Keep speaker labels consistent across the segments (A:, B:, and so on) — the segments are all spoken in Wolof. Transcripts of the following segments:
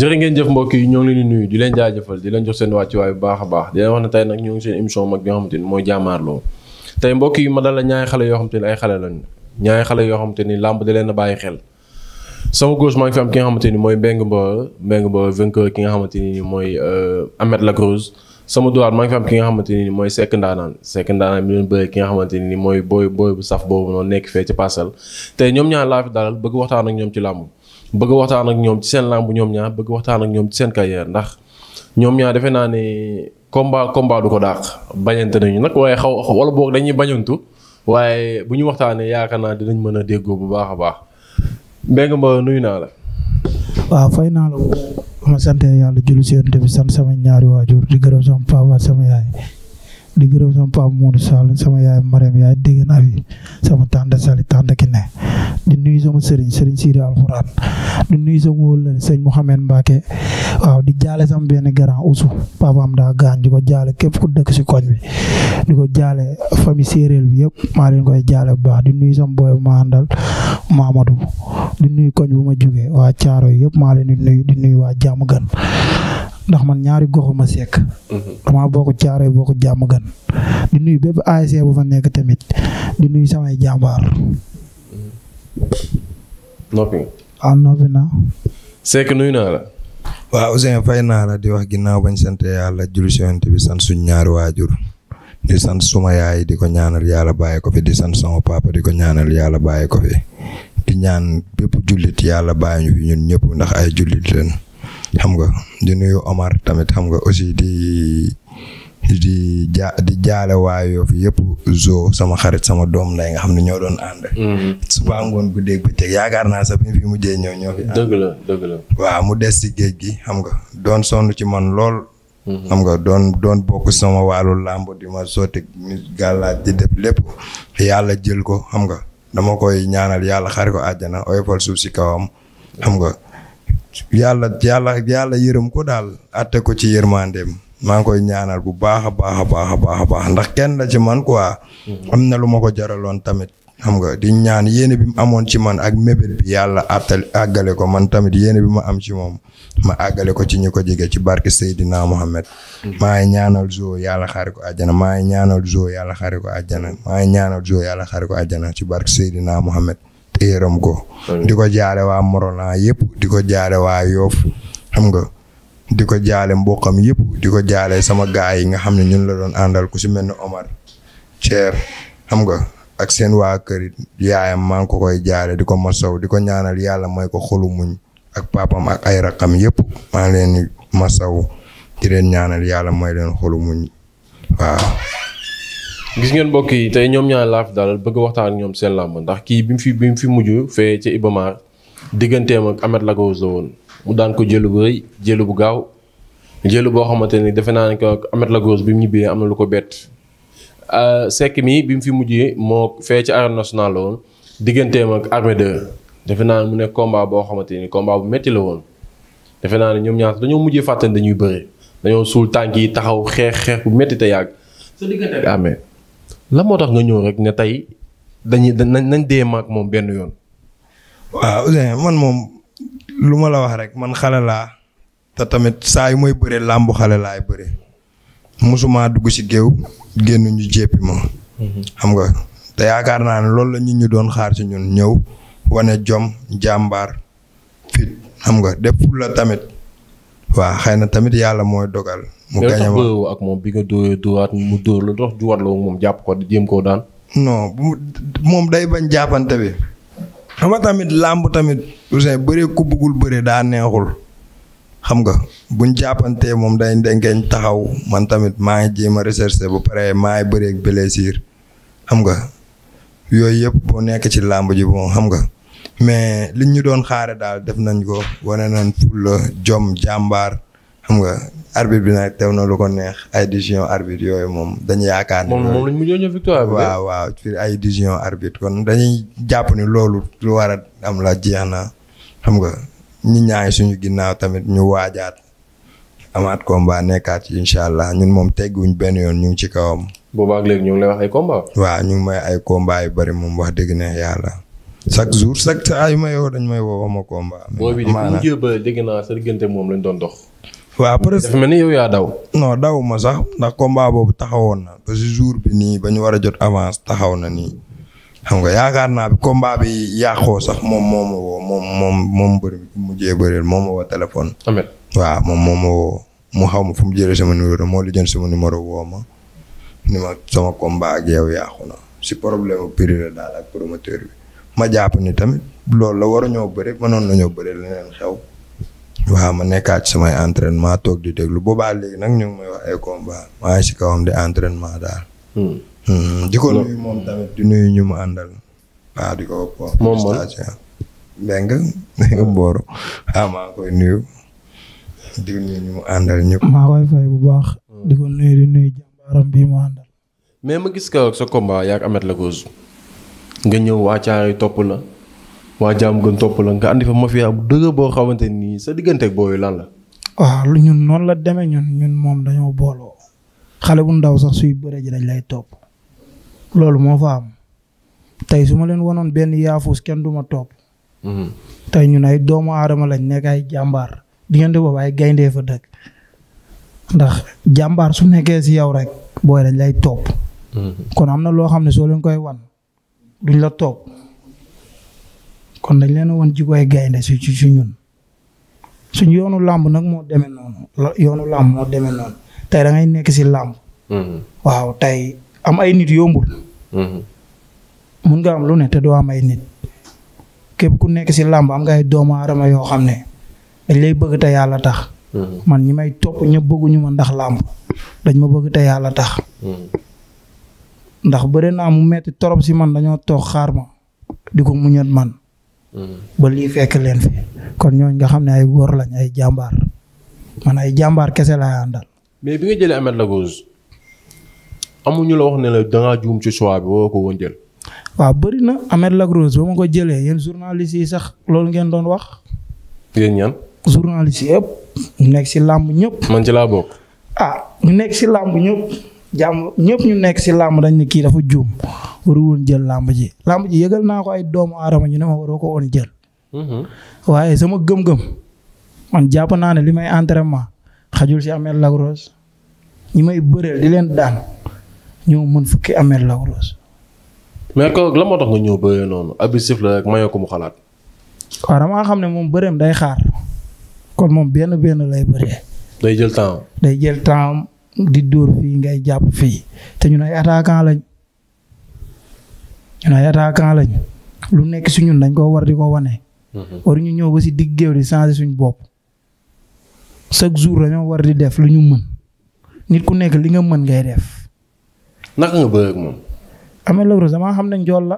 A: jërë ngeen jëf mbokk yi ñoo ngi leen di nuyu di leen jaajëfal di leen jox seen wàccuwaay bu baax a baax di leen wax ne tey nag ñoo seen émission mag bi nga xamante ni mooy jaamaarloo tey mbokk yi ma dal ñaari xale yoo xamante ni ay xale lañu ñaari xale yoo xamante ni làmb da leen bàyyi xel sama gauche maa ngi fi ni mooy Mbengue Mbour Mbengue Mbour vainqueur ki nga xamante ni mooy euh, Ahmed Lacroze sama droite maa am ki nga xamante ni mooy Seck Ndaanaan Seck Ndaanaan mi doon bëre ki nga xamante ni mooy booy booy bu saf boobu noonu nekk fee ci parcelle te ñoom ñaan laa fi dalal bëgg waxtaan ak ñoom ci làmb bëgg waxtaan ak ñoom ci seen làmb ñoom ñaar bëgg waxtaan ak ñoom ci seen carrière ndax ñoom ñaar defe naa ne combat combat du ko dàq bañante nañu nag waaye xaw xaw wala boog dañuy bañantu waaye bu ñu waxtaanee yaakaar naa dinañ mën a déggoo bu baax a baax Mbengue ma nuyu naa la.
B: waaw fay naa la ma santeen yàlla julli si yonent bi sant sama ñaari waajur di gërëm sama papa sama yaay. di gërëm sama papa Modou Sall sama yaay Marème yaay dégg naa fi sama tante Sali tante Kiné di nuyu sama sëriñ sëriñ Sidi Alxuraan di nuyu sama wóllare sëñ Mouhamed Mbacke waaw di jaale sama benn grand usu papaam daa gaañ di ko jaale képp ku dëkk si koñ bi di ko jaale famille séeréer bi yëpp maa leen koy jaale bu baax di nuyu sama boy ma àndal di nuyu koñ bu ma jógee waa Caaro yëpp maa leen di nuyu di nuyu waa Jàmm Gën ndax man ñaari goxuma sekk mhm. damaa bokk caare bokk jàmm gan di nuyu bépp ASC bu fa nekk tamit di nuyu samay jàmbaar mhm.
C: noppi waaw ah, noppi naa sekk la waaw Ousseyn fay naa la di wax ginnaaw bañ sant yàlla julli si Yonent bi sant suñ ñaari waajur di sant suma yaay di ko ñaanal yàlla bàyyi ko fi di sant sama papa di ko ñaanal yàlla bàyyi ko fi di ñaan bépp jullit yàlla bàyyi ñu fi ñun ñëpp ndax ay jullit leen xam nga di nuyu Omar tamit xam nga aussi di di ja di jaale waa Yoff yëpp zoo sama xarit sama doom nday nga xam ne ñoo doon ànd. Mm-hmm. suba ngoon guddeeg bëccëg yaakaar naa sax bi fi mujjee ñëw ñoo fi. dëgg la la. waaw mu des si géej gi xam nga doon sonn ci man lool. Mm-hmm. xam nga doon doon bokk sama wàllu làmb di ma sotti gàllaaj di def lépp yàlla jël ko xam nga dama koy ñaanal yàlla xari ko àjjana oyofal suuf si kawam xam nga. yàlla yàlla yàlla yërëm ko daal atte ko ci yërmandeem maa ngi koy ñaanal bu baax a baax a baax a baax a ndax kenn la ci man quoi. Mm-hmm. am na lu ma ko jaraloon tamit. xam nga di ñaan yéene bi mu amoon ci man ak mébét yàlla àttal àggale ko man tamit yéene bi ma am ci moom ma àggale ko ci ñu ko jege ci barke Seydina Mohamed. Mm-hmm. maa ngi ñaanal zoo yàlla xaare ko àjjana maa ngi ñaanal zoo yàlla xaare ko àjjana maa ngi ñaanal zoo yàlla xaare ko àjjana ci barke Seydina Mohamed. yërëm ko di ko jaale waa Morona yëpp di ko jaale waa Yoof xam nga di ko jaale mboqam yëpp di ko jaale sama gaay yi nga xam ne ñun la doon àndal ku si mel ni Omar Thier xam nga ak seen waa kër yaayam maa ko koy jaale di ko masaw di ko ñaanal yàlla may ko xolu muñ ak papam ak ay raqam yëpp maa ngi leen masaw di leen ñaanal yàlla may leen xolu muñ
A: gis ngeen mbokk yi tey ñoom ñaan laa fi daal bëgg waxtaan ñoom seen làmb ndax kii bi mu fi mu fi mujj fee ci Ibamar digganteem ak Ahmed Lagos la woon mu daan ko jëlu bu rëy jëlu bu gaaw jëlu boo xamante ni defe naa ne que Ahmed Lagos bi mu ñibbee am na lu ko bett. Euh, Seck mi bi mu fi mujjee moo fee ci arène nationale ak Armée defe naa mu nekk combat boo xamante ni combat bu métti la woon defe naa ne ñoom ñaar dañoo mujjee fàttali dañuy bëre dañoo suul tànk yi taxaw xeex xeex bu métti te yàgg.
C: la moo tax nga ñëw rek ne tey dañuy nañ dee maag moom benn yoon. waaw man moom lu ma la wax rek man xale laa te tamit saa yu mooy bëre làmbu xale laay bëre mosuma dugg ci géew génn ñu jéppi ma. Mm-hmm. xam nga te yaakaar naa ne loolu la nit ñu doon xaar ci ñun ñëw wane jom jàmbaar fit xam nga def la tamit. waaw xëy na tamit yàlla mooy dogal. mu gañ a ma ak moom bi nga dóoree dóoraat mu dóor la dox juwarloo moom jàpp ko di koo daan. non moom day bañ jàppante bi. xam nga tamit làmb tamit Ouzin bëree ku bëggul bëre daa neexul. xam nga buñ jàppantee moom day ndengeñ taxaw man tamit maa ngi jéem a recherché bu paree maa ngi bëreeg blessure xam nga yooyu yëpp boo nekk ci làmb ji bon xam nga. mais liñ ñu doon xaare daal def nañ ko wane nañ fulla jom jàmbaar xam nga arbitre bi nag teew na lu ko neex ay décision arbitre yooyu moom dañu yaakaar ne moom lañ mujjee ñëw victoire bi ay décision arbitre kon dañuy jàpp ni loolu lu war a am la jeex na xam nga ñi ñaay suñu ginnaaw tamit ñu waajaat amaat combat nekkaat ci incha allah ñun moom tegguñ benn yoon ñu ngi ci kawam.
A: boobaag léegi ñu ngi lay
C: wax ay combat. waaw ñu may ay combat yu bari moom wax dëgg neex yàlla. chaque jour chaque saa yu may woo dañ may woo ma combat. boobu de bu mujjee
A: ba dégg naa moom lañ doon dox.
C: mel ni yow yaa daw. non daw ma sax ndax combat boobu taxawoon na jour bi nii ba ñu war a jot avance taxaw na nii. xam nga yaakaar naa bi bi yàqoo sax moom moo ma woo moom moom moom bëri mujjee bëreel moo ma woo téléphone. amet waaw moom moo ma mu xaw ma fu mu jële sama numéro moo li jël sama numéro woo ma ni ma sama combat ak yow na si problème mu prix promoteur bi. ma jàpp ni tamit loolu la waruñoo bëri mënoon nañoo bëri leneen xew. waaw ma nekkaat ci samay entrainement toog di déglu boobaa léegi nag ñu ngi may wax ay combat maa ngi si kawam di entraînement daal. Hmm. Hmm, mu àndal.
B: maa koy fay bu baax.
A: mais ma gis ka sa combat yaa ak Ameth Lagos. nga ñëw waa Caaroy topp la waa jaam gën topp la nga andi fa mafia bu dëgg boo xamante nii sa diggante booyu lan la.
B: waaw lu ñun noonu la demee ñun ñun moom dañoo booloo. xale bu ndaw sax suy bëre ji dañ lay topp. loolu moo fa am. tey su ma leen wanoon benn yaafus kenn du ma topp. Mhm. tey ñun ay doomu aadama lañ nekk ay jàmbaar. diggante boobu ay gayndee fa dëkk. ndax jàmbaar su nekkee si yow rek booy dañ lay topp. Mhm. kon am na loo xam ne soo leen koy wan. duñ la toog kon dañ leen woon jikkoy gaynde su ci ñun suñ yoonu làmb nag moo demee noonu yoonu làmb moo demee noonu tey da ngay nekk si làmb. Mm-hmm. waaw tey am ay nit yombul. Mm-hmm. mun nga am lu ne te doo am ay nit képp ku nekk si làmb am nga ay doomu aadama yoo xam ne dañ lay bëgg te yàlla tax. Mm-hmm. man ñi may topp ñëpp bëgguñu ma ndax làmb dañ ma bëgg te yàlla tax. ndax bëri naa mu metti torop si man dañoo toog xaar ma di ko muñat man. Hmm. ba lii fekk leen fi kon ñooñ nga xam ne ay góor lañ ay jàmbaar man ay jàmbaar kese laa àndal.
A: mais bi nga jëlee Ameth Lagos amuñu la wax ne la dangaa juum ci choix bi woo ko woon jël.
B: waaw bëri na Ameth Lagos ba ma ko jëlee yéen journaliste yi sax loolu ngeen doon wax. yéen ñaan. journaliste yëpp. ñu nekk si làmb ñëpp. man ci laa bokk. ah ñu nekk si làmb ñëpp. jàmm ñëpp ñu nekk ci làmb dañ ne kii dafa juum waru woon jël làmb ji làmb ji yëgal naa ko ay doomu aadama ñu ne ma waroo ko woon jël. Mm-hmm. waaye sama gëm-gëm man jàpp naa ne li may entraînement xajul si Amel Lagros ñu may bëreel di leen daan ñoo mën fukki Amel Lagros.
A: mais ko la moo tax nga ñëw bëree noonu abusif la rek mayoo ko mu xalaat.
B: waaw damaa xam ne moom bëreem day xaar kon moom benn benn lay bëree. day jël temps day jël temps di dóor fii ngay jàpp fii te ñu ay attaquant lañ ñun ay attaquant lañ lu nekk si ñun dañ koo war di ko wane. Mhm. waru ñu ñëw ba si digg géew di changer suñu bopp chaque jour dañoo war di def lu ñu mën nit ku nekk li nga mën ngay def.
A: naka nga bëgg ak moom.
B: Ameth Lac Rose xam ne njool la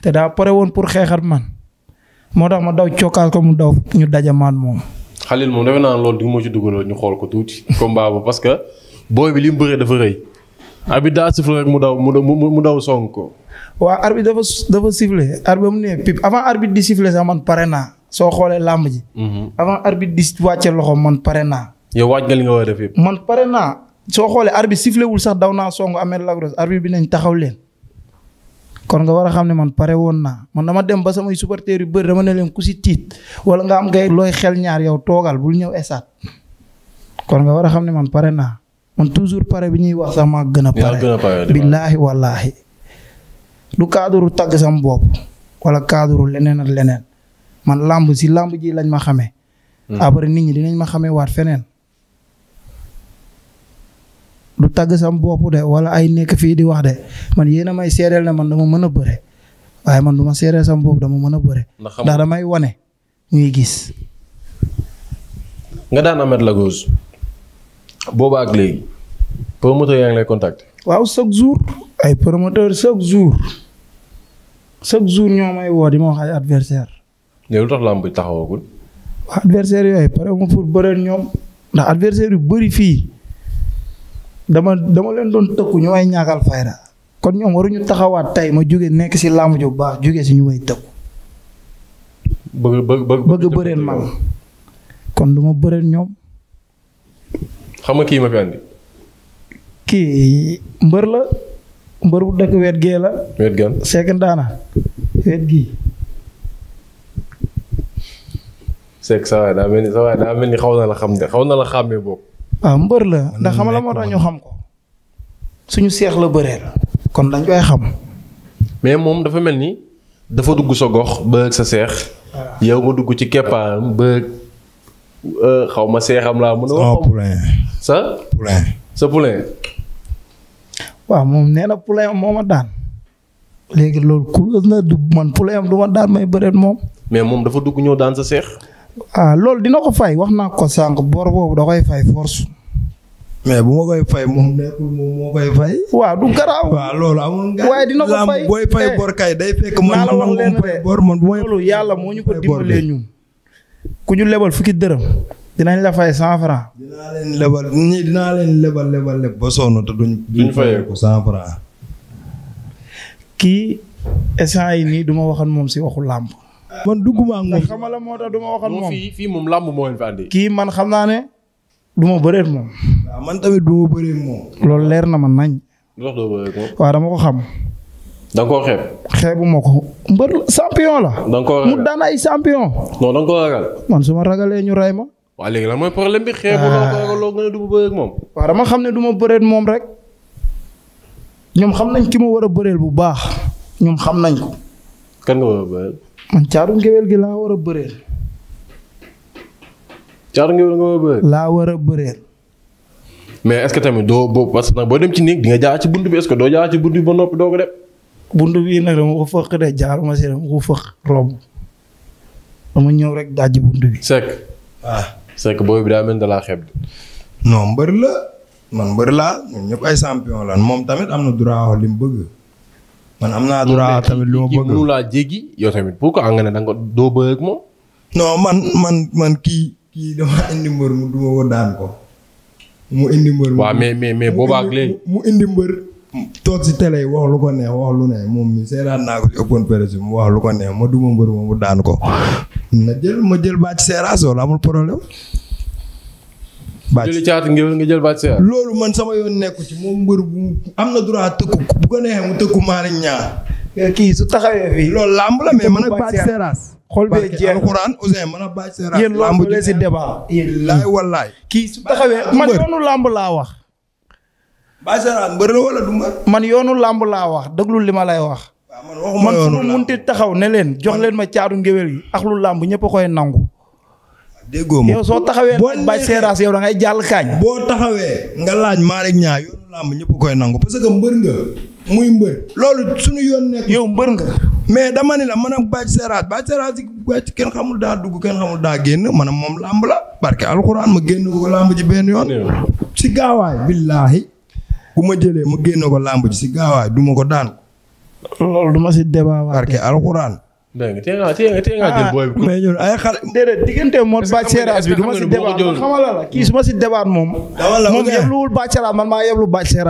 B: te daa pare woon pour xeexat man moo tax ma daw cokkaas ko mu daw ñu daje man moom.
A: Khalil moom defe naa loolu di moo ci dugaloo ñu xool ko tuuti combat ba parce booy bi li mu bëree dafa rëy. arbitre daa sifflé rek mu daw mu
B: daw song ko. waaw arbitre dafa dafa sifflé ba mu ne pip avant arbitre di sifflé sax man pare naa soo xoolee làmb ji. Mhm. avant arbitre di wàcce loxo man pare naa.
A: yow waaj nga li nga war a def yëpp.
B: man pare naa soo xoolee arbitre sifflé wul sax daw naa song amee Lac Rose bi nañ taxaw leen. kon nga war a xam ne man pare woon naa man dama dem ba samay supporteurs yu bëri dama ne leen ku si tiit wala nga am ngay looy xel ñaar toogal bul ñëw esaat kon nga war a xam ne man pare naa. man toujours pare bi ñuy wax sax maa gën a pare billaahi wallaahi du kaaduru tagg sama bopp wala kaaduru leneen ak leneen man làmb si làmb ji lañ ma xamee hmm. après nit ñi dinañ ma xamee waat feneen du tagg sama bopp de wala ay nekk fii di wax de man yéen a may seedeel ne man dama mën a bëre waaye man du ma seedeel sama bopp dama mën a bëre ndax damay wane ñuy gis
A: nga daan Ameth Lagos booba ak léegi promoteur yaa ngi lay contacter.
B: waaw chaque jour ay promoteur chaque jour chaque jour ñoom ay woo di ma wax ay adversaire
A: lu tax làmb taxawagul.
B: waa adversaire yooyu pare ma pour bëre ñoom ndax adversaire yu bari fii dama dama leen doon tëkku ñu may ñaakal fayda kon ñoom waruñu taxawaat tey ma jóge nekk si làmb ju baax jóge si ñu may tëkku.
A: bëgg bëgg bëgg bëgg bëreen
B: kon du ma bëreen ñoom.
A: xam nga kii ma fi andi.
B: kii mbër la mbër bu dëkk wet gee la. wet gan Seck Ndana wet gii.
A: Seck sa daa mel ni sa daa mel ni xaw na la xam de xaw na la xàmmee boobu.
B: waaw ah, mbër la ndax xam la moo tax ñu xam ko. suñu seex la bëreel. kon
A: dañ koy xam. mais moom dafa mel ni. dafa dugg sa gox bëgg sa seex. Ah. yow nga dugg ci keppaaram bëgg. Euh, xaw ma seexam laa mën a. wax poulain sa. poulain sa poulain.
B: waaw moom nee na poulain moo ma daan. léegi loolu kuréel na dugg man poulain am du ma daan may bëreet moom.
A: mais moom dafa dugg ñëw daan sa seex.
B: ah loolu dina ko fay wax naa ko sànq boor boobu da koy fay force. mais bu ma
C: koy fay moom nekkul moom moo koy du garaaw. waaw loolu amul. waaye dina ko fay booy fay eh, bor kay day fekk. man man man
B: man ku ñu lebal fukki dërëm dinañ la fay cent franc.
C: lebal ñii dinaa
B: kii essence yi nii du ma waxoon moom si waxu làmb. man dugguma ak moom xamala moo tax du
A: fii moom làmb moo
B: kii man xam naa ne duma ma bëreet moom. waaw man tamit du bëreet moom. loolu leer na ma nañ. waaw dama ko xam. da nga koo xeeb. xeebu ko mbër champion la. da nga koo ragal mu daan ay champion.
A: non da koo ragal.
B: man su ma ragalee ñu rey ma.
A: waa léegi lan mooy problème bi xeebu loo ko ragaloo nga ne du
B: ma xam ne du ma bëreeg moom rek ñoom xam nañ ki ma war a bëreel bu baax ñoom xam nañ ko.
A: kan nga war
B: a gi laa war a bëreel.
A: caaru ngéwél nga war
B: laa war a bëreel.
A: mais est-ce que tamit doo boobu nag boo dem ci néeg di nga jaar ci bunt bi est-ce que doo jaar ci bunt bi ba noppi
B: doo ko def. buntu bi nag dama ko fëq de jaaruma si dama ko fëq romb dama ñëw rek dajji buntu
C: bi.
A: Seck. waaw ah. bi daa mel da laa xeeb.
C: non mbër la man mbër laa ñun ñëpp ay champion lan moom tamit am na droit li mu bëgg. man am naa droit tamit lu ma bëgg mënu
A: laa jéggi yow tamit pour que da bëgg
C: ak moom. non man man man kii kii dama indi mbër mu duma ko daan ko. mu indi mbër mu waaw mais mais mais mu indi mbër. toog si télé yi wax lu ko neex wax lu ne moom mi seeraan naa ko si ëppoon presse mu wax ko neex ma duma mbër moomu daan ko na jël ma jël bàcc seeraas loolu amul problème. bàcc jëli caatu nga jël bàcc loolu man sama yoon nekku ci moom mbër bu am na droit tëkku bu ko mu tëkku maari eh, kii su taxawee fii. loolu làmb la mais man a bàcc seeraas. xol bee jeex alxuraan Ousseyn man ak bàcc seeraas. yéen si débat. laay wallaay. kii su taxawee man yoonu
B: làmb laa wax. Baye Zara mbër la wala du mbër. man yoonu làmb laa wax déglu li ma lay wax. man fu mu munti taxaw ne leen jox leen ma caadu ngéwél gi ak lu làmb ñëpp a koy nangu. déggoo ma soo taxawee. boo Baye Seras da ngay jàll kaañ.
C: boo taxawee nga laaj Malick Niang làmb ñëpp koy nangu parce que mbër nga muy mbër. loolu suñu yoon nekk. yow mbër nga. mais dama ne la man ak Baye Seras Baye Seras ci kenn xamul daa dugg kenn xamul daa génn man moom làmb la. barke alxuraan ma génn ko làmb ji benn yoon. si gaawaay billaahi bu ma jëlee ma génne ko làmb ji si gaawaay du ma ko
B: daan. loolu du ma si débat barke alxuraan. dégg nga su ma si débat moom. moom yebluwul Bathie Seras man maa yeblu Bathie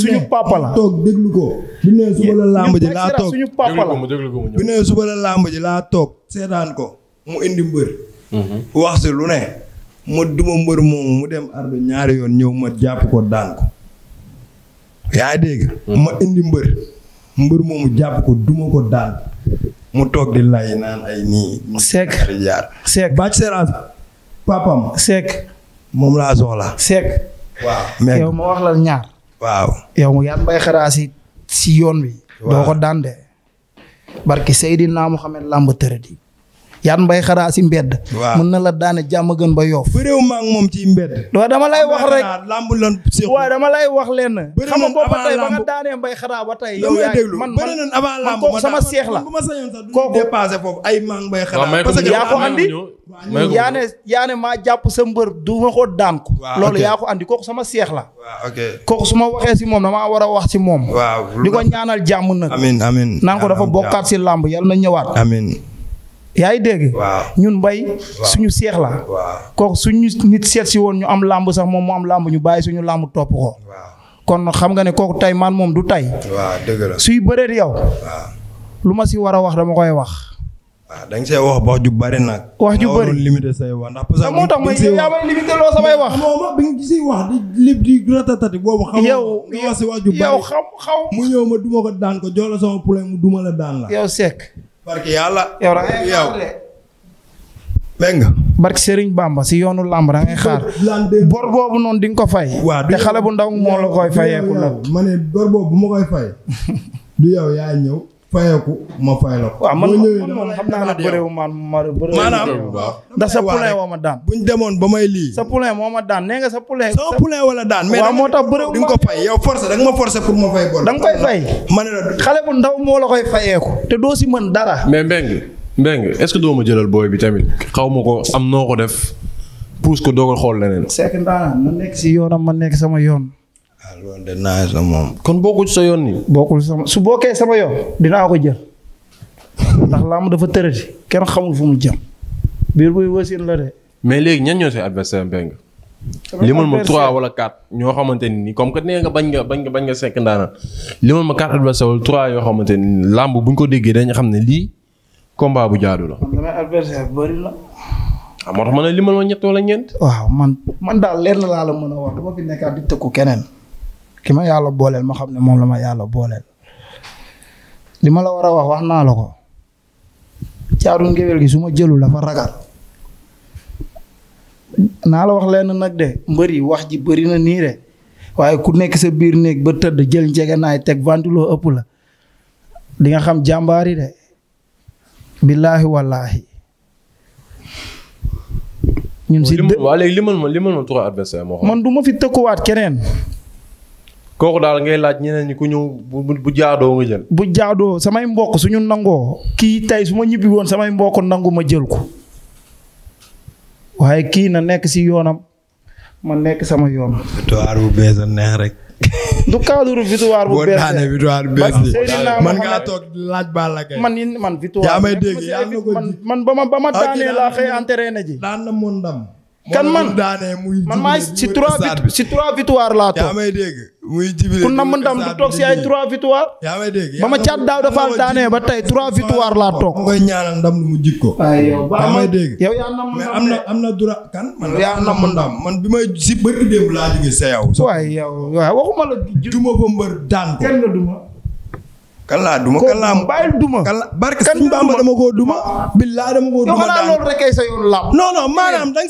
B: suñu papa toog déglu ko. bu nee suba la làmb ji laa toog
C: déglu ko mu làmb ji laa toog seetaan ko mu indi mbër. Hmm. wax lu ne. ma duma mbër moomu mu dem ardo ñaari yoon ñëw ma jàpp ko daan ko yaa dégg mm. ma indi mbër mbër moomu jàpp ko duma ko daan mu toog di lay naan ay nii seek jaar seek bàcc seraas papam
B: seek moom laa soxla seek
C: waaw mais yow
B: ma wax la ñaar waaw yow mu yaat mbay xaraa si si yoon bi doo ko daan de barki Seydina Muhammad lamb tërëdi yaan mbay xaraa si mbedd. waaw mën na la daane jàmm gën ba yoof. bëréew moom ci mbedd. waaw dama lay wax rek wax lenn. xam nga boobu ba tey ba nga daanee mbay xaraa ba
C: tey. yow yaay sama seex la.
B: kooku dépassé foofu ay maa ngi mbay xaraa. parce yaa ko andi. yaa ne maa jàpp sa mbër du ma ko daan ko. loolu yaa ko andi kooku sama seex la. ko su ma waxee si moom damaa war a wax si moom. di ko ñaanal jàmm nag. amiin
C: amiin naan ko
B: si làmb yal na ñëwaat. amiin yaa ngi dégg. ñun mbay. suñu seex la. kooku suñu nit seet si woon ñu am làmb sax moom mu am làmb ñu bàyyi suñu làmb topp ko. kon xam nga ne kooku tey man moom du tay dëgg la suy bëreet yow. lu ma si war a wax dama koy wax.
C: waaw da nga see wax ju bari nag. wax ju bari limité say wax que moo tax may yaa may limité loo wax. non bi nga gisee wax di di di ratatati boobu. xam nga wax si
B: xaw. mu ñëw ma duma ko daan ko jox la sama problème mu duma la daan la. yow Seck. barke yàlla. yow da ngay xaar dégg nga. barke Serigne Bamba si yoonu làmb da ngay xaar. bor boobu noonu di ko fay. waaw te xale bu ndaw moo la koy fayee. ku
C: ma ne bu ma koy fay. du yow yaa ñëw. fayeeku ma fay la ko. waaw man man xam naa ne bëriwul man ma bëriwul. maanaam ndax sa poulain woo ma daan. buñ demoon ba may
B: lii. sa poulain moo ma daan nee nga sa poulain. sa poulain wala daan. mais moo tax bëriwul di nga ko fay yow force da nga ma ma fay bor. da nga koy la xale bu ndaw moo la koy fayeeku. te doo si mën dara. mais Mbengue
A: Mbengue est-ce que doo ma jëlal booy bi tamit. xaw ma ko am noo ko def. puus
C: ko doog a xool leneen. c'est
B: que na nekk si yoonam ma nekk sama yoon.
C: waaw de naaj la moom.
B: kon bokkul sa yoon nii. bokkul sama su bokkee sama yoon. dinaa ko jël ndax làmb dafa tërëti kenn xamul fu mu jëm. biir buy wasin la de.
A: mais léegi ñan ñoo say adversaire Mbengue. limal ma trois wala quatre ñoo xamante ne nii comme que nee nga bañ nga bañ nga bañ nga sekk ndaana limal ma quatre adversaire wala trois yoo xamante ni làmb bu ñu ko déggee dañu xam ne lii
B: combat bu jaadu la. damay la. Ah, moo tax ma ne limal ma ñett wala ñeent. waaw man man daal leen na laa la mën a wax dama fi nekkaat di tëkku keneen. ki ma yàlla booleel ma xam ne moom la ma yàlla booleel li ma la war a wax wax naa la ko caatu ngéwél gi su ma jëlu dafa ragal naa la wax leen nag de mbëri wax ji bëri na niire waaye ku nekk sa biir néeg ba tëdd jël njege naay teg ventilo ëpp la di nga xam jàmbaari de billaahi wallaahi ñun si.
A: waaw léegi ma limal ma trois adversaires moo xam man
B: du fi tëkkuwaat keneen.
A: kooku daal ngay laaj ñeneen ñi ku ñëw bu jaadoo nga jël.
B: bu jaadoo samay mbokk suñu nangoo kii tey su ma ñibbi woon samay mbokk nangu ma jël ko waaye kii na nekk si yoonam ma nekk sama yoon.
C: victoire rek. du cadre victoire bu bees man ngaa toog laaj
B: ba la kay. man man victoire
C: man ba ma ba ma daanee laa xëy entraîné ji. daan na mu ndam. kan man
B: man maa si trois si trois victoire laa toog. yaa may dégg muy jibile ku namm ndam du toog si ay trois victoire. yaa may dégg ba ma caat daaw dafa daanee ba tey trois victoire laa toog.
C: mu koy ñaanal ndam lu mu jig ko. yaa may dégg yow yaa ndam am na am na dura kan. man yaa namm man bi may si bëri démb laa jógee sa yow. waay yow waaw waxuma la. duma ko mbër daan ko kalla duma kalla am bàyyil duma kalla barke suñu bamba dama koo duma billaa dama koo duma daan loolu rek ay sa yoon làmb non non maanaam danga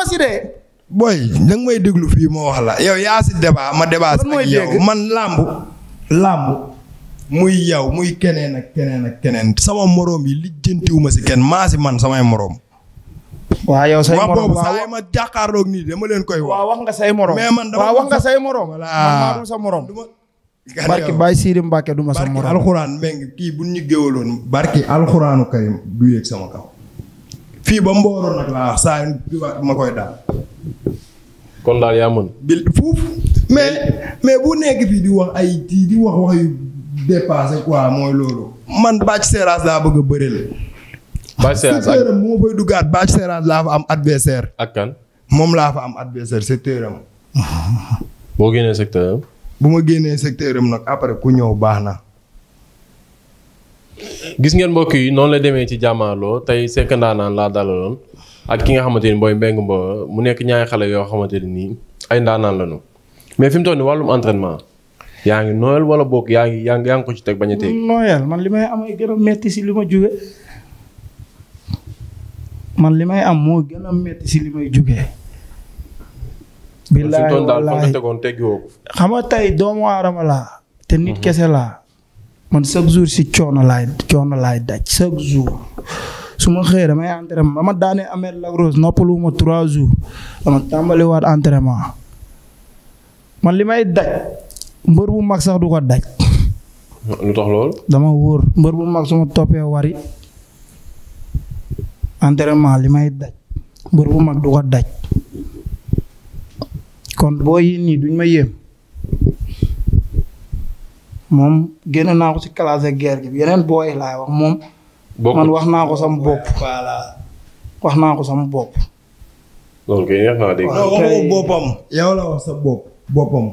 C: siy déglu fii moo wax la yow yaa si débat ma débat si ak yow man làmb muy yow muy keneen ak keneen ak keneen sama moroom yi lijjantiwuma si kenn maa man samay moroom waa yow say morom waaw boobu ma dama leen koy wax. wax say morom mais man dama wax nga say
B: barki Baye Siiri Mbàkke du ma kii
C: bu ñu géwaloon barki ah. alxuraanu karim du sama fii ba mbooroon kon daal yaa mais mais bu nekk fii di wax ay kii man bàcc seeraas bëgg a bëreel. bàcc seeraas ak moom laa fa am adversaire secteur am. boo génnee secteur bu ma génnee secteur am nag après ku ñëw baax na.
A: gis ngeen mbokk yi noonu la demee ci jàmmaarloo tey sekk ndaanaan laa dalaloon ak ki nga xamante ni mooy Mbengue Mbowe mu nekk ñaari xale yoo xamante ne nii ay ndaanaan lañu mais fi mu toll nii wàllum entrainement yaa ngi nooyal wala boog yaa ngi yaa ngi ko ci teg bañ a teg.
B: nooyal man li may am ay gën a metti si ma jóge man li may am moo gën a metti si li may jóge
A: billaay wallaay
B: xam nga tey doomu aadama laa te nit mhm. kese laa man chaque jour si coono laay coono laay daj chaque jour su ma xëyee damay entraînement ba ma daanee amee lagros noppalu trois jour dama tàmbaliwaat entraînement man li may daj mbër bu mag sax du ko daj.
A: lu
B: mbër bu mag su ma toppee li may daj mbër bu mag du ko daj. kon boo yi nii duñ ma yéem moom génn naa ko ci classe ger guerre gi yeneen booy laay wax moom. man wax naa ko sam bopp. voilà wax naa ko sam bopp.
A: donc yéen a ngi waxu
C: wax sa bopp boppam.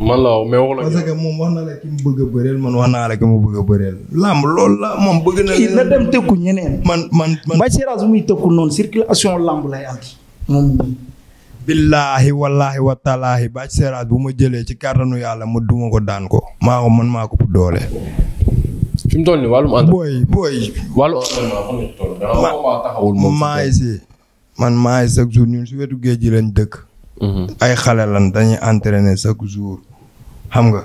C: man la wax mais waxu la
B: que moom wax na la ki
C: mu bëgg a bëreel man wax naa la ki bëgg a làmb loolu la moom bëgg na. kii na dem
B: tëkku ñeneen. man man man. Bathie Seras bu muy tëkku noonu circulation làmb lay andi.
C: moom billaahi wallaahi wataalaahi bàcc seeraas bu ma jëlee ci kàttanu yàlla ma duma ko daan ko maa ko man maa ko doole.
A: fi mu toll nii booy booy. wàllu
C: man maa si man maa ngi chaque jour ñun si wetu géej gi lañ dëkk. Mhm. ay xale lan dañuy entraîner chaque jour xam nga.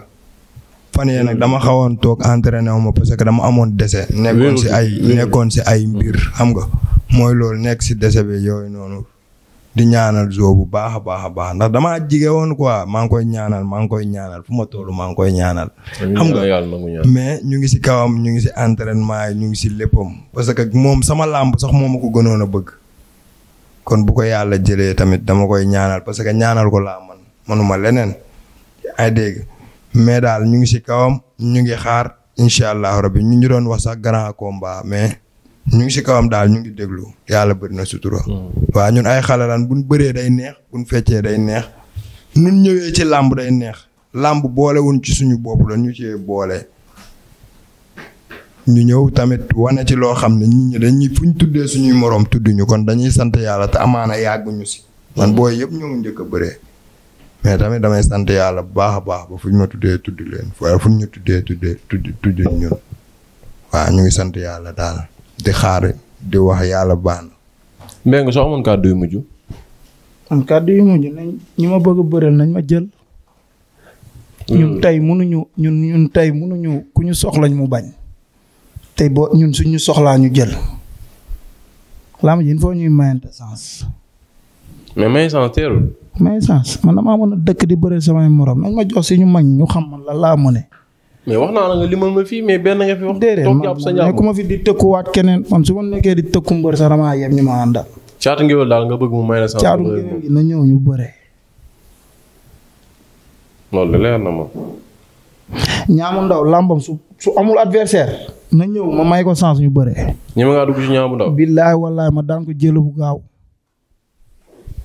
C: fan yee nag dama xawoon toog entraîné wu ma parce que dama amoon dese. nekkoon si ay nekkoon si ay mbir xam nga. mooy loolu nekk si dese bi yooyu noonu. di ñaanal zoo bu baax a baax a baax ndax damaa jige woon quoi maa ngi koy ñaanal maa ngi koy ñaanal fu ma toll maa ngi koy ñaanal. xam nga mais ñu ngi si kawam ñu ngi si entraînement yi ñu ngi si léppam. parce que moom sama làmb sax moom a ko gënoon a bëgg. kon bu ko yàlla jëlee tamit dama koy ñaanal parce que ñaanal ko laa man manuma leneen. ay mais daal ñu ngi si kawam ñu ngi xaar incha allah rabi ñu ngi doon wax sax grand combat mais. ñu ngi si kawam daal ñu ngi déglu yàlla bëri na sutura. Hmm. waaw ñun ay xale bu buñ bëree day neex buñ feccee day neex. nun ñëwee ci làmb day neex. làmb boole wuñ ci suñu bopp la ñu cee boole. ñu ñëw tamit wane ci loo xam ne nit ñi dañuy tuddee suñuy moroom tudd kon dañuy sant yàlla te amaana yàgguñu si. man hmm. booy yëpp ñoo njëkk a bëree. mais tamit damay sant yàlla bu baax a baax ba ñu ma tuddee tudd leen fu ñu ñu tuddee tuddee tudd tudd ñun. waaw ñu ngi sant
B: yàlla daal.
C: di xaar di wax yàlla baax na. Mbengue soo amoon kàddu yu mujj.
B: man kàddu yu mujj nañ ñu ma bëgg a nañ ma jël. ñun hmm. tey mënuñu ñun ñun tey mënuñu ku ñu soxlañ mu bañ. tey boo ñun suñu soxlaa ñu jël. làmb ji il faut ñuy mayante sens.
A: mais may sens teelul.
B: may sens man damaa mën a dëkk di bëre samay morom nañ ma jox si ñu mañ ñu xam man la laa mëne.
A: mais wax naa na nga limal ma fii mais benn nga fi wax. toog jàpp sa njàpp déedéet
B: fi di tëkkuwaat keneen man su ma nekkee di tëkku mbër sa ramaa yem ñu ma àndal.
A: caatu ngéwél daal nga bëgg mu may la. sànq caatu ngéwél
B: na ñëw ñu bëre.
A: loolu leer na ma.
B: ñaamu ndaw làmbam su su amul adversaire na ñëw ma may ko sens ñu bëre.
A: ñeme ngaa dugg ci ñaamu ndaw.
B: billaahi wallaahi ma daan ko jël bu gaaw.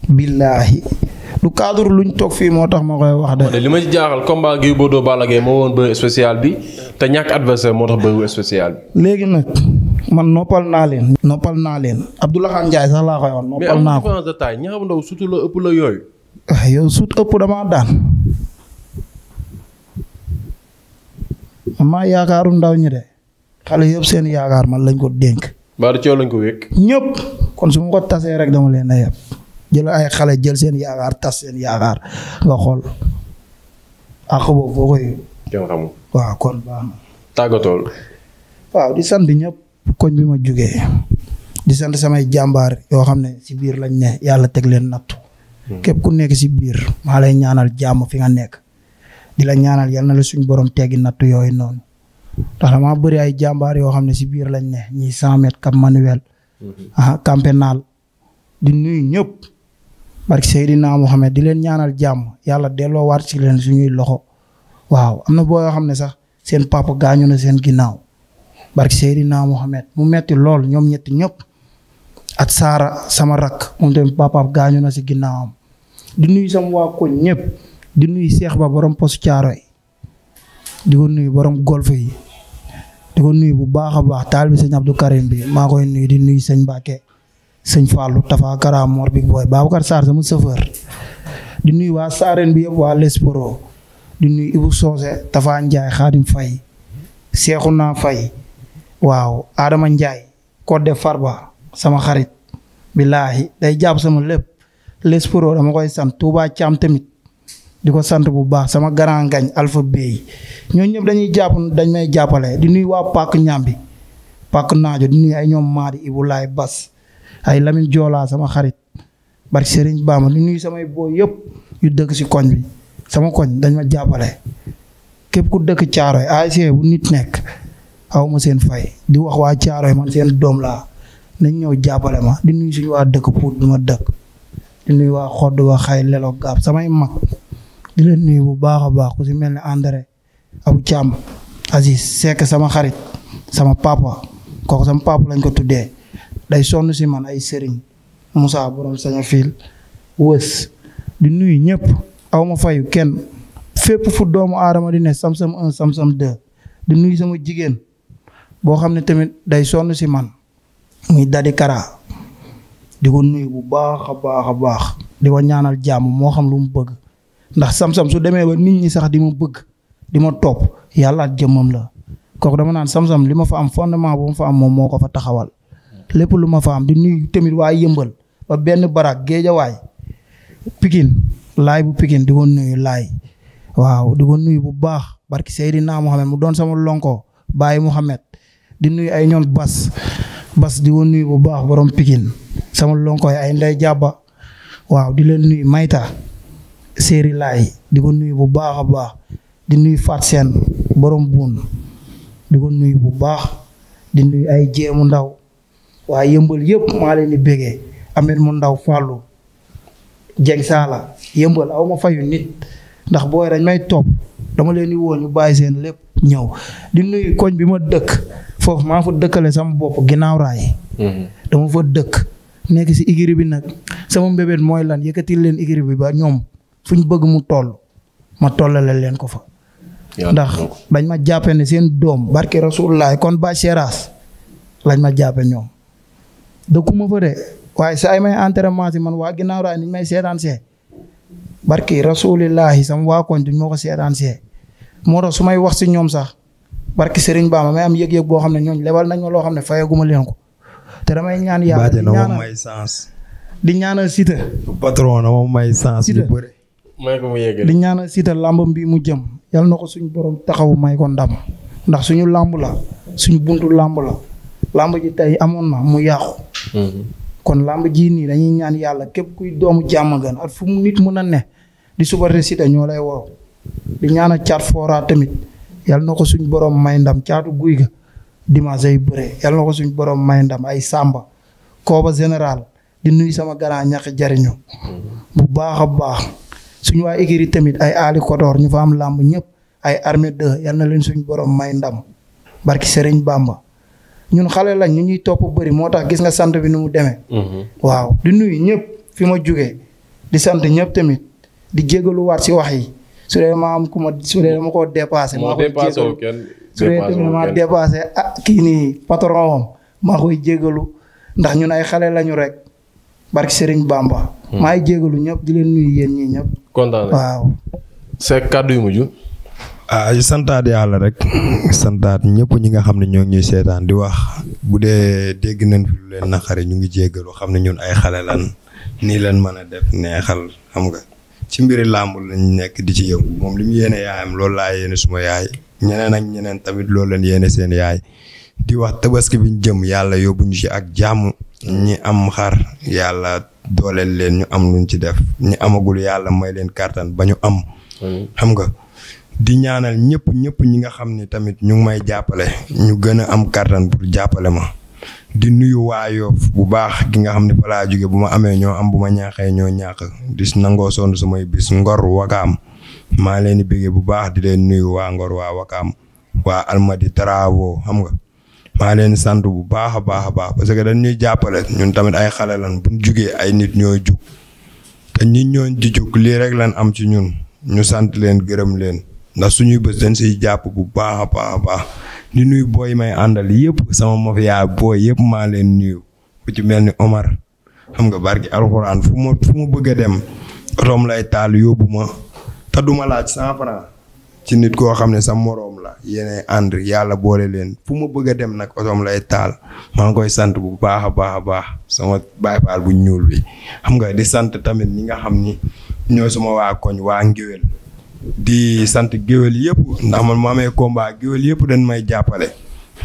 B: billaahi. du cadre luñ toog fii moo tax ma koy wax de.
A: li ma ci jaaxal combat Gris Bordeaux Balla Gaye moo woon bëri spécial bi te ñàkk adversaire moo tax bëriwul spécial
B: bi. léegi nag man noppal naa leen. noppal naa leen Abdoulaye Ndiaye sax laa koy wax. noppal naa ko
A: mais am sutu la ëpp la yooyu.
B: Ah, yow sut ëpp damaa daan. maa yaakaaru ndaw ñi de xale yëpp seen yaakaar man lañ ko dénk.
A: baal coow lañ ko wékk.
B: ñëpp kon su ma ko tasee rek dama leen a yeb. jël ay xale jël seen yaakaar tas seen yaakaar nga xool ak boobu foo koy. kenn kon baax na. tàggatool. waaw di sant ñëpp koñ bi ma jugee di sant samay jàmbaar yoo xam ne si biir lañ ne yàlla teg leen nattu. Hmm. képp ku nekk si biir maa lay ñaanal jàmm fi nga nekk. di la ñaanal yal na la suñu borom teggi nattu yooyu noonu ndax damaa bëri ay jàmbaar yoo xam ne si biir lañ ne ñii cent mètres Cap Manuel. Hmm. ah di nuyu ñëpp. barke Seydina Mohamed di leen ñaanal jàmm yàlla delloo waat ci leen suñuy loxo waaw am na boo yoo xam ne sax seen papa gaañu na seen ginnaaw barke Seydina Mohamed mu metti lool ñoom ñetti ñëpp ak Saara sama rakk moom tamit papaam gaañu na si ginnaawam di nuyu sama waa koñ ñëpp di nuyu Cheikh Ba borom posu caaro yi di ko nuyu borom golf yi di ko nuyu bu baax a baax taal bi sëñ Abdou Karim bi maa koy nuyu di nuyu sëñ Mbacke sëñ Fallou Tafa Kara Mor Big Boy Babacar Sarr sama chauffeur di nuyu waa Sarène bi yëpp waa Lesporo di nuyu Ibou Socé Tafa Ndiaye Khadim Faye Cheikhouna Faye waaw Adama Ndiaye Codé Farba sama xarit billaahi day jàpp sama lépp Lesporo dama koy sant Touba Thiam tamit di ko sant bu baax sama grand gañ Alpha Bey ñooñu ñëpp dañuy jàpp dañ may jàppale di nuy waa Pàkk Ñambi Pàkk Naajo di nuyu ay ñoom Maadi Ibou Laay Bas ay Lamine Joolaa sama xarit bari Serigne Bama lu nuyu samay booy yëpp yu dëkk si koñ bi sama koñ dañ ma jàppale. képp ku dëkk Caaroy ASC bu nit nekk aw ma seen fay di wax waa Caaroy man seen doom laa nañ ñëw jàppale ma di nuyu suñu waa dëkk Pout ma dëkk. di nuyu waa samay mag di leen nuyu bu baax a baax ku si mel ni André Abou Thiam Aziz Seck sama xarit sama papa kooku sama papa lañ ko tuddee. day sonn si man ay sëriñ Moussa borom saña fiil wës di nuyu ñëpp awma fayu kenn fépp fu doomu aadama di ne samsam un samsam di nuyu sama jigéen boo xam ne tamit day sonn si man muy dadi kara di ko nuyu bu baax a baax a baax di ko ñaanal jàmm moo xam lu mu bëgg ndax sam samsam su demee ba nit ñi sax di mu bëgg di ma topp yàlla ak jëmmam la kooku dama naan sam li ma fa am fondement bu ma fa am moom moo ko fa taxawal lépp lu ma fa di nuyu tamit waa yëmbal ba benn barak géejawaay pikin lay bu pikin di ko nuyu lay waaw di ko nuyu bu baax barki Seydina Mohamed mu doon sama lonko Baye Mohamed di nuyu ay ñoom Bas Bas di ko nuyu bu baax borom pikin sama lonko ay nday jàbba waaw di leen nuyu Mayta séeri lay di ko nuyu bu baax a baax di nuyu Fat Seen borom buun di ko nuyu bu baax di nuyu ay jéemu ndaw waa yëmbal yëpp maa leen di bégee amet mu ndaw fàllu jeng saala yëmbal aw ma fayu nit ndax boo dañ may topp dama leen di woo ñu bàyyi seen lépp ñëw di nuyu koñ bi ma dëkk foofu maa fa dëkkale sama bopp ginnaaw mhm. dama fa dëkk nekk si igiri bi nag sama mbébét mooy lan yëkkati leen igiri bi ba ñoom fu ñu bëgg mu toll ma tollale leen ko fa ndax dañ ma jàppe ne seen doom barke rasulullah kon ba seeraas lañ ma jàppe ñoom dëkkuma fa de waaye saa yi may entraînement si man waa ginnaaw raay niñ may seetaan see barki rasulillahi sama waa koñ duñ ma ko seetaan see moo tax su may wax si ñoom sax barki Serigne Bamba may am yëg-yëg boo xam ne ñooñu lebal na ma loo xam ne fayaguma leen ko te damay ñaan yàlla di ñaanal
C: may sens
B: di ñaanal Siteu
C: patron na moom may sens lu
B: bëri di ñaanal Siteu làmbam bi mu jëm yal na ko suñ borom taxaw may ko ndam ndax suñu làmb la suñu buntu làmb la làmb ji tey amoon na mu yàqu kon làmb jii nii dañuy ñaan yàlla képp kuy doomu jàmm gan fu mu nit mun a ne di suba récité ñoo lay woo di ñaan a caat fooraa tamit yal na ko suñ boroom may ndam guy ga dimanche ay suñ borom may ay sàmba kooba général di nuy sama garaa ñaq jariñu bu baax a baax suñ waa écurie tamit ay aali kotoor ñu fa am làmb ñëpp ay armée de yal na leen suñ borom may ndam barki Serigne Bamba ñun xale lañ ñu ñuy topp bëri moo tax gis nga sant bi nu mu demee. Mhm. waaw di nuyu ñëpp fi ma jugee di sant ñëpp tamit di jégaluwaat si wax yi su dee ma am ku ma su dee dama koo dépassé. maa koy jégalu ah, kii nii patron jégalu ndax ñun ay xale lañu rek barki Serigne Bamba. Hmm. maa ngi jégalu ñëpp di leen nuyu yéen ñi ñëpp.
A: kontaan waaw.
C: sa kàddu yu ah santaat yàlla rek santaat ñëpp ñi nga xam ne ñoo ngi ñuy seetaan di wax bu dee dégg nañ fi lu na xare ñu ngi jéggalu xam ne ñun ay xale nii leen mën a def neexal xam nga ci mbiri làmb lañ nekk di ci yëngu moom li ñu yéene yaayam loolu laa yéene suma yaay ñeneen ak ñeneen tamit lool leen yéene seen yaay di wax tabaski bi ñu jëm yàlla yóbbu ñu ci ak jàmm ñi am xar yàlla dooleel leen ñu am luñ ci def ñi amagul yàlla may leen kàttan ba ñu am xam nga di ñaanal ñëpp ñëpp ñi nga xam ni tamit ñu ngi may jàppale ñu gën a am kàttan pour jàppale ma di nuyu waa Yoff bu baax gi nga xam ne balaa jóge bu ma amee ñoo am bu ma ñaaxee ñoo ñàkk di nangoo sonn samay bis Ngor Wakaam maa leen di bëggee bu baax di leen nuyu waa Ngor waa Wakaam waa Almadi Taravo xam nga maa leen sant bu baax a baax a baax parce que dañ ñuy jàppale ñun tamit ay xale lan buñ jugee ay nit ñoo jug te nit ñoo di jug lii rek lan am ci ñun ñu sant leen gërëm leen. ndax suñuy bës dañ siy jàpp bu baax a baax a baax di nuyu booy may àndal yëpp sama mafia booy yëpp maa leen nuyu ku ci mel ni Omar xam nga barki alxuraan fu ma fu bëgg a dem otoom lay taal yóbbu ma duma laaj cent ci nit koo xam ne sa moroom la yéenay ànd yàlla boole leen fu ma bëgg a dem nag otoom lay taal maa ngi koy sant bu baax a baax a baax sama baay faal bu ñuul bi xam nga di sant tamit ñi nga xam ni ñoo suma waa koñ waa ngéwél di sant géwél yëpp ndax man mu amee combat géwél yëpp dañ may jàppale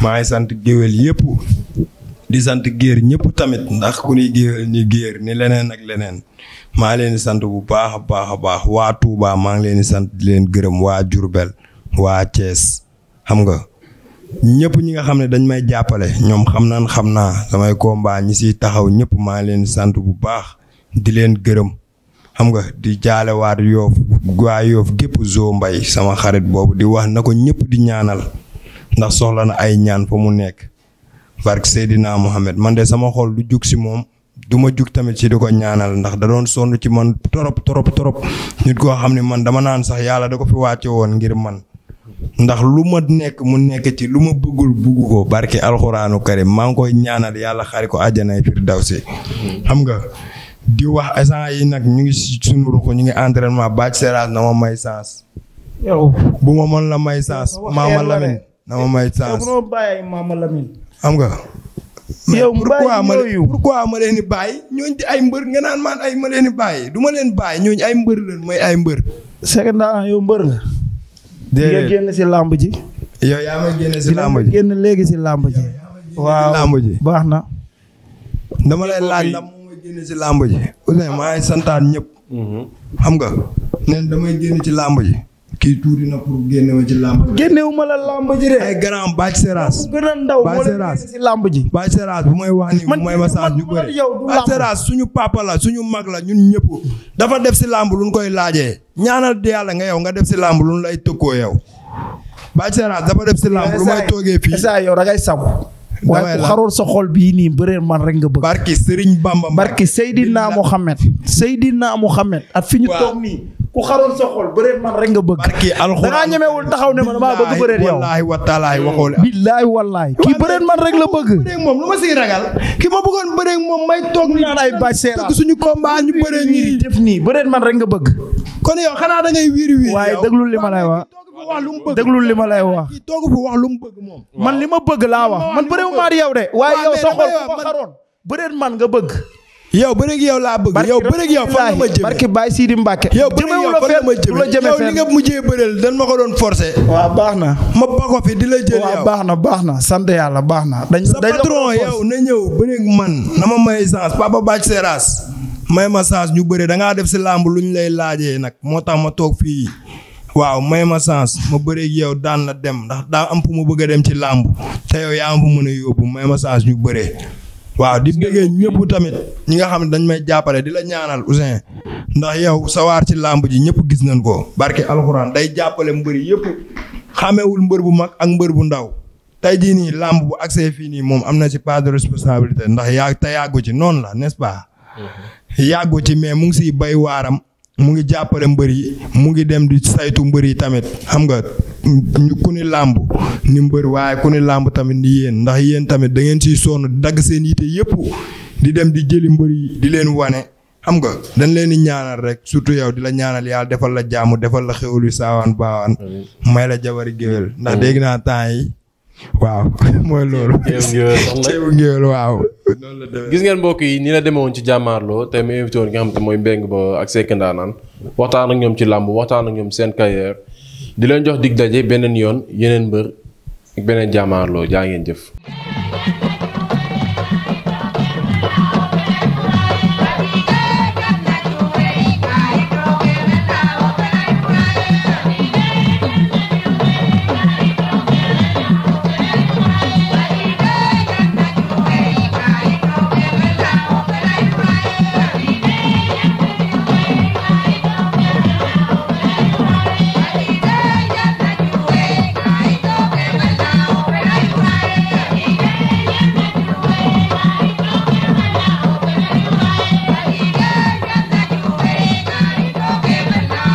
C: maa ngi sant géwél yépp di sant géer ñépp tamit ndax ku ni géwél ni géer ni leneen ak leneen maa leen sant bu baax a baax a baax waa Touba maa ngi leen di sant di leen gërëm waa Diourbel waa Thiès xam nga ñëpp ñi nga xam ne dañ may jàppale ñoom xam naan xam naa samay combat ñi si taxaw ñëpp maa leen sant bu baax di leen gërëm xam nga di jaalewaat yoof waa yoof gépp zoo mbay sama xarit boobu di wax na ko ñëpp di ñaanal ndax soxla na ay ñaan fa mu nekk barke Seydina Mohamed man de sama xol du jug si moom du ma jug tamit ci di ko ñaanal ndax da doon sonn ci man torop torop torop nit koo xam ne man dama naan sax yàlla da ko fi wàcce woon ngir man ndax lu ma nekk mu nekk ci lu ma bëggul bugg ko barke alxuraanu karim maa ngi koy ñaanal yàlla xari ko àjjana firdawsi xam nga di wax agent yi nag ñu ngi si suñu ruq ñu ngi entraînement bàcc seeraas na ma may yow bu ma mën la may sens. maama Lamine na ma may sens. xam nga. yow pourquoi ma pourquoi ma leen di bàyyi di ay mbër nga naan maan ay ma leen di bàyyi du ma leen bàyyi ay mbër lañ mooy ay mbër. Second Dan yow mbër nga. déedéet nga si làmb ji. yow yaa ma génn si làmb ji génn léegi si làmb ji. waaw na. dama lay génn ci làmb ji Ouzin maa santaan ñëpp. Mhm. xam nga neen damay génn ci làmb ji. kii tuuti na pour génne ma ci làmb ji. génnewu ma la làmb ji de. ay grand bàcc seras. ndaw làmb ji. bàcc seras bu may wax nii bu may masaat ñu bëri. bàcc seras suñu papa la suñu mag la ñun ñëpp. dafa def si làmb lu koy laaje ñaanal di yàlla nga yow nga def si làmb lu lay tëkkoo yow. bàcc seras dafa def si làmb lu may toogee fii. yow da ngay waaye ku xaroon
B: sa xol bii nii bëree man rek nga bëgg. barki Serigne Bamba. barki Seydina Mohamed. Seydina Mohamed ak fi ñu toog nii. ku xaroon sa xol bëree man nga bëgg. barki alxuraan da ngaa ñemewul taxaw ne ma damaa bëgg bëree yow. wallaahi
C: wataalaahi waxool.
B: billaahi wallaahi. kii bëree man rek la bëgg. bëree
C: moom lu ki ma bëggoon bëree moom may toog nii. naan ay bàcc seera suñu combat ñu bëree
B: nii. def nii bëree man rek nga bëgg. kon yow xanaa da ngay wiiri wiiri. waaye déglu li ma lay wax lu mu bëgg li ma lay wax. kii toogu fi wax lu mu bëgg moom. man li ma bëgg laa wax man bëriwu maa yow de. waaye yow sa xol xaroon bëreet man nga bëgg. yow bëreeg yow laa bëgg yow bëreeg yow
C: fan la ma jëmee barki Baye Sidi Mbacke. yow bëreeg yow fan la ma jëmee yow li nga mujjee bëreel dan ma ko doon forcé. waaw baax na. ma ko fi di la jël yow baax na baax na sant yàlla baax na. dañ sa patron yow na ñëw bëreeg man na ma may chance papa Bac Seras may ma chance ñu bëre da ngaa def si làmb lu ñu lay laajee nag moo tax ma toog fii waaw may ma chance ma bëreeg yow daan na dem ndax daa am fu mu bëgg a dem ci làmb te yow yaa am fu mën yóbbu may ma chance ñu bëree. waaw di bëggee ñëpp tamit ñi nga xam ne dañ may jàppale di la ñaanal Ouzin ndax yow sawaar ci làmb ji ñëpp gis nañ ko barke alxuraan day jàppale mbëri yëpp xamewul mbër bu mag ak mbër bu ndaw. te jii nii làmb bu accès fii nii moom am na ci pas de responsabilité ndax yaa te yàggu ci noonu la nest pas. Mm-hmm. yàggu ci mais mu bay waaram mu ngi jàppale mbër yi mu ngi dem di saytu mbër yi tamit xam nga ku ni làmb ni mbër waaye ku ni làmb tamit ni yéen ndax yéen tamit da ngeen siy sonn dagg seen yite yépp di dem di jëli mbër yi di leen wane. xam nga dañ leen di ñaanal rek surtout yow di la ñaanal yàlla defal la jaamu defal la xéwlu saawaan baawaan may la jabari géwél ndax dégg naa temps yi waaw mooy loolu. ceebu ngéwél waaw.
A: gis ngeen mbokk yi ni la demee woon ci jàmmaarloo te mu invité nga xam te mooy Mbengue Ba ak Seck Ndanane waxtaan ak ñoom ci làmb waxtaan ak ñoom seen carrière di leen jox dig daje beneen yoon yeneen mbër beneen jàmmaarloo jaa ngeen jëf.